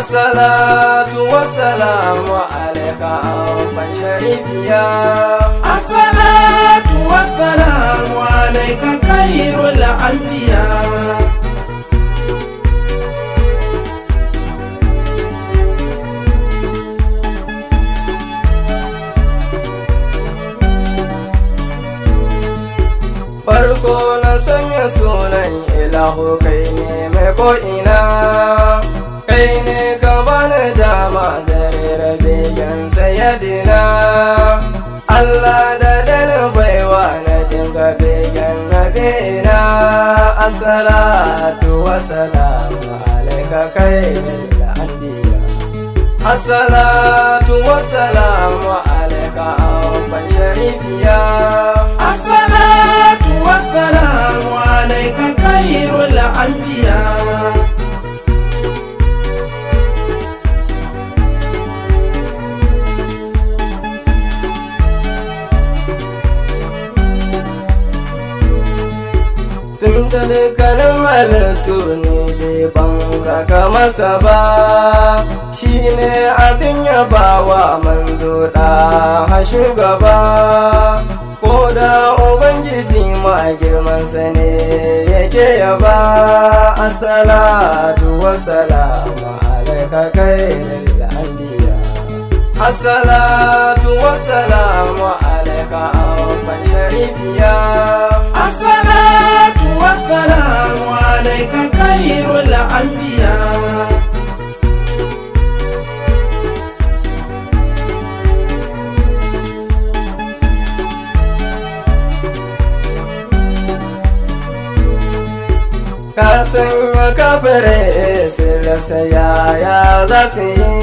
Assalatu wassalamu alaika amfan sharifiya Assalatu wassalamu alaika kairul anbiya farko na sanya sunan ilahu kai ne mai ko'ina Allah da dana baiwa na dinga begen nabina assalatu wassalamu alaika kai mil anbiya assalatu wassalamu alaika awban sharifiya assalatu wassalamu alaika khairul anbiya dukkanin halittu ne dai ban kaka masa ba shi ne abin yabawa manzo da ha shugaba ko da ubangiji ma sa ne yake yaba assalatu wassalamu alaika khairul anbiya assalatu wassalamu ka auban sharifiya assalatu wassalamu alaika khairul anbiya ka san kafirai sun rasa yaya za su yi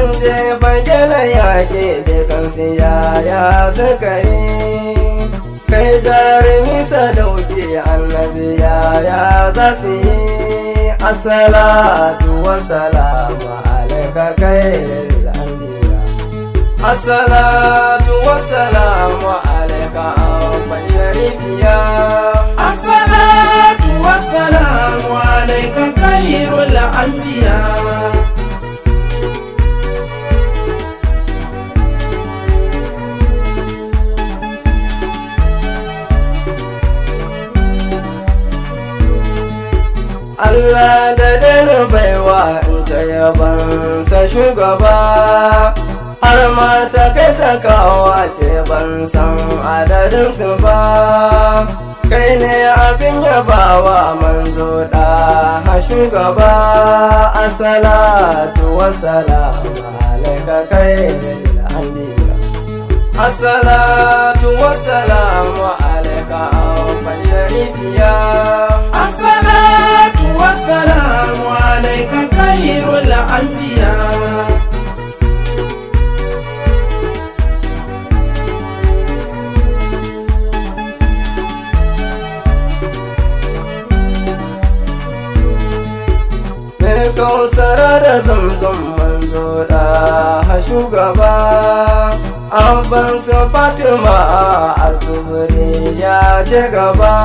an je bagela yaƙi da kan siya ya sakari kai jarumi sadauki annabi ya za su yi asalatu wasalamu alaika kai anbiya asalatu wasalamu alaika an sharifiya Allah da dare baiwa in ta yabansa shugaba har ma ta kai ta kawo ce ban san adadinsu ba kai ne abin yabawa manzo da ha shugaba asalatu wasalamu alaika kai da anbiya asalatu wasalamu alaika an sharifiya السلام عليك خير الأنبياء kausara da zamzam manzo da shugaba abban fatima a zubri ya je gaba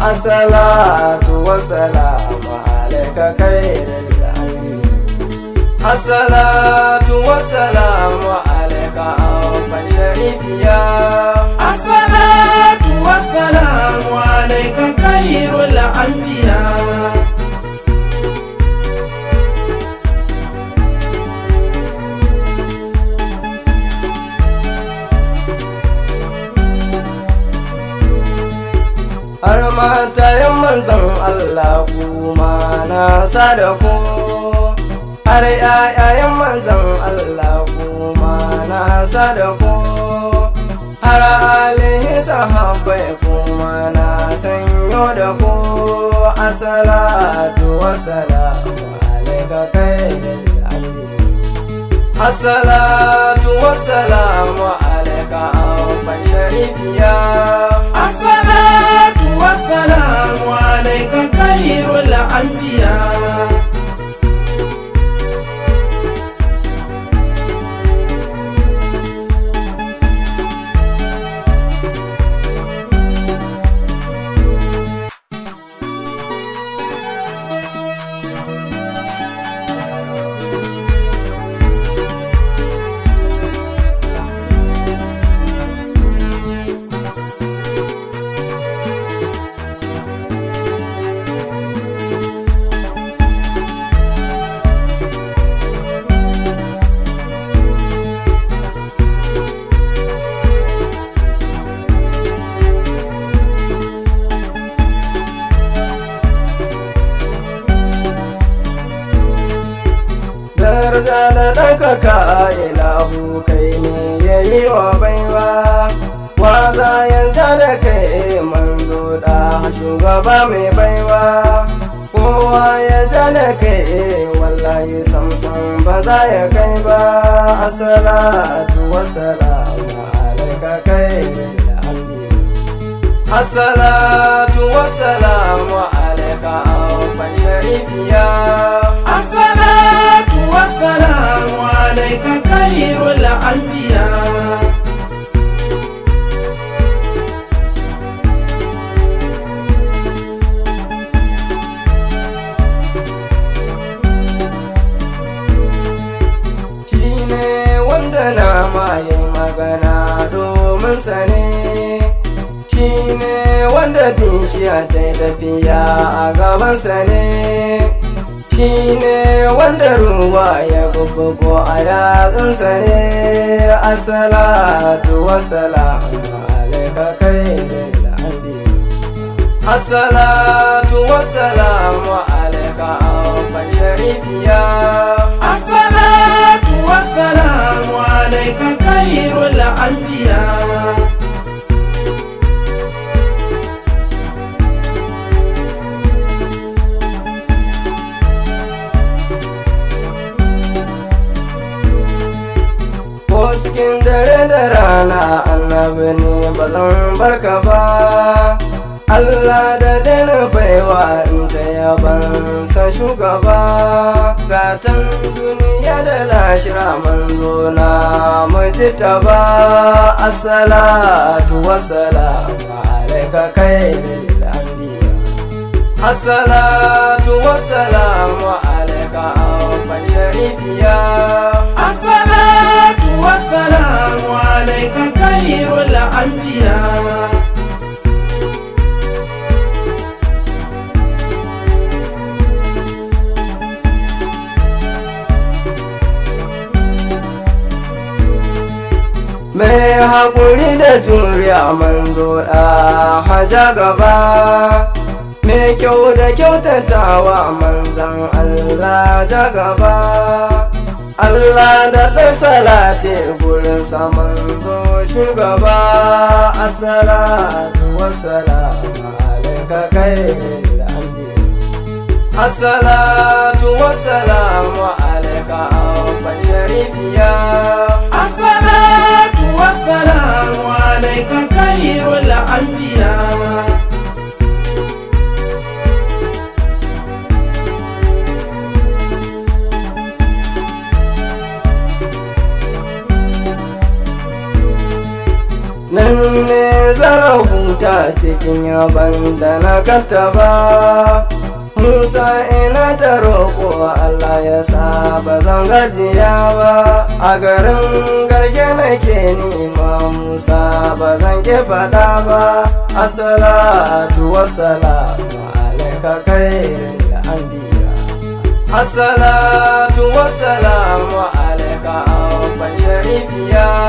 a salatu wa ka khairar lafi assalatu wassalamu alayka abban sharifiya assalatu wassalamu alayka khairul anbiya kusa da ku har ƴaƴayen manzan Allah kuma na sa da ku har alihi sahabbai kuma na sanyo da ku asalatu wasalamu alaika kai da Assalatu wassalamu abu kai ne ya yi wa baiwa wa za yanta da kai eh, manzo da shugaba mai baiwa kowa ya ja da kai eh, wallahi ba za ya kai ba asalatu wasalamu alaika kai da alhamdulillah asalatu wasalamu kansa ne shi ne wanda bishiya ta yi tafiya a gaban ne shi ne wanda ruwa ya bubbugo a yatsunsa ne assalatu wassalamu alaika kai da assalatu wassalamu alaika an sharifiya الصلاة والسلام عليك خير الأنبياء birni ba zan barka ba Allah da dana baiwa inda ya bansa shugaba gatan duniya da lashira manzo na maji ta ba assalatu wassalamu alaika kai lil andiya assalatu wassalamu mai haƙuri da juriya man zoɗa haja gaba mai kyau da kyautatawa manzan Allah ja gaba Allah da ɗan salati gurin saman zo shugaba assalatu wassalamu alaika kai Assalatu wassalamu alaika abban sharifiya Assalatu wassalamu alaika kairul anbiya nan ne zarar huta cikin yaban da na kattaba. ba Musa ina ta roƙo Allah ya sa ba zan gajiya ba a garin garke nake nima Musa ba zan ke faɗa ba assalatu wassalamu alaika khairin anbiya assalatu wassalamu alaika an sharifiya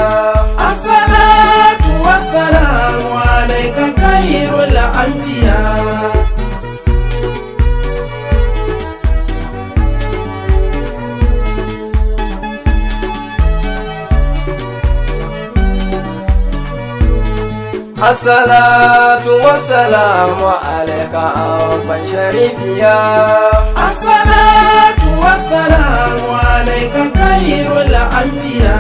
Assalatu wassalamu alaika abban sharifiya Assalatu wassalamu alaika khairul anbiya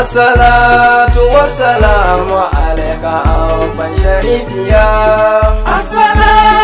Assalatu wassalamu alaika ban sharifiya Assalatu